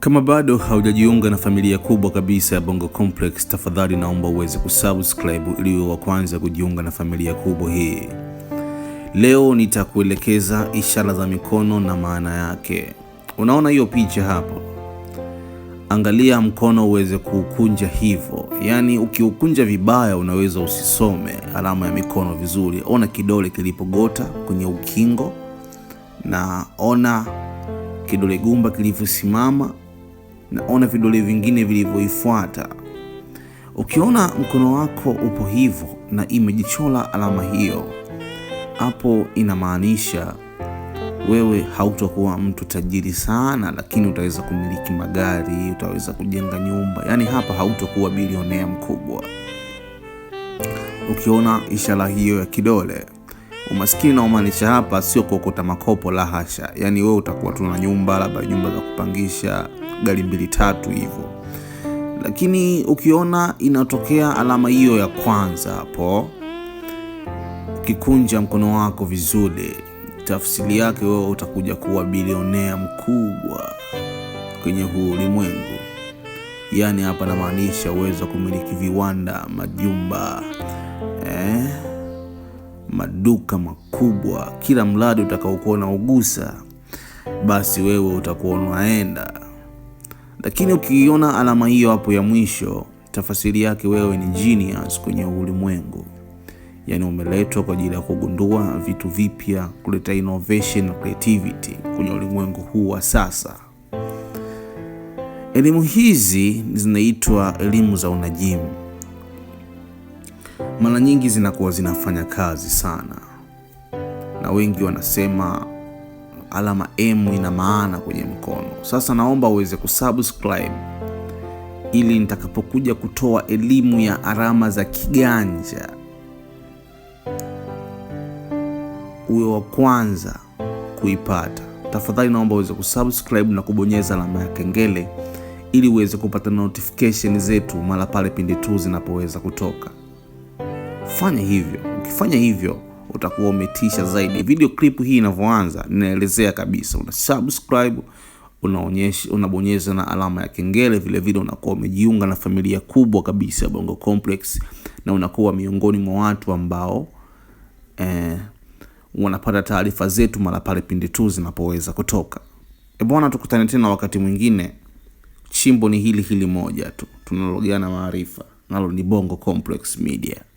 Kama bado haujajiunga na familia kubwa kabisa ya Bongo Complex, tafadhali naomba uweze kusubscribe ili uwe wa kwanza kujiunga na familia kubwa hii. Leo nitakuelekeza ishara za mikono na maana yake. Unaona hiyo picha hapo? Angalia mkono uweze kuukunja hivyo, yaani ukiukunja vibaya unaweza usisome alama ya mikono vizuri. Ona kidole kilipogota kwenye ukingo na ona kidole gumba kilivyosimama naona vidole vingine vilivyoifuata. Ukiona mkono wako upo hivyo na imejichola alama hiyo, hapo inamaanisha wewe hautakuwa mtu tajiri sana, lakini utaweza kumiliki magari, utaweza kujenga nyumba. Yaani hapa hautakuwa bilionea mkubwa. Ukiona ishara hiyo ya kidole Umaskini naomaanisha hapa sio kuokota makopo, la hasha. Yaani wewe utakuwa tu na nyumba labda nyumba za kupangisha, gari mbili tatu hivyo, lakini ukiona inatokea alama hiyo ya kwanza hapo, ukikunja mkono wako vizuri, tafsiri yake wewe utakuja kuwa bilionea mkubwa kwenye huu ulimwengu. Yaani hapa namaanisha uwezo wa kumiliki viwanda, majumba eh? maduka makubwa, kila mradi utakaokuwa unaugusa, basi wewe utakuwa unaenda. Lakini ukiiona alama hiyo hapo ya mwisho, tafasiri yake wewe ni genius kwenye ulimwengu, yaani umeletwa kwa ajili ya kugundua vitu vipya, kuleta innovation na creativity kwenye ulimwengu huu wa sasa. Elimu hizi zinaitwa elimu za unajimu mara nyingi zinakuwa zinafanya kazi sana, na wengi wanasema alama M ina maana kwenye mkono. Sasa naomba uweze kusubscribe ili nitakapokuja kutoa elimu ya alama za kiganja uwe wa kwanza kuipata. Tafadhali naomba uweze kusubscribe na kubonyeza alama ya kengele ili uweze kupata notification zetu mara pale pindi tu zinapoweza kutoka. Fanya hivyo. Ukifanya hivyo utakuwa umetisha zaidi. Video clip hii inavyoanza, ninaelezea kabisa, una subscribe, unaonyesha, unabonyeza na alama ya kengele. Vile vile unakuwa umejiunga na familia kubwa kabisa ya Bongo Complex na unakuwa miongoni mwa watu ambao eh, wanapata taarifa zetu mara pale pindi tu zinapoweza kutoka. E bwana, tukutane tena wakati mwingine. Chimbo ni hili hili moja tu tunalogana maarifa, nalo ni Bongo Complex Media.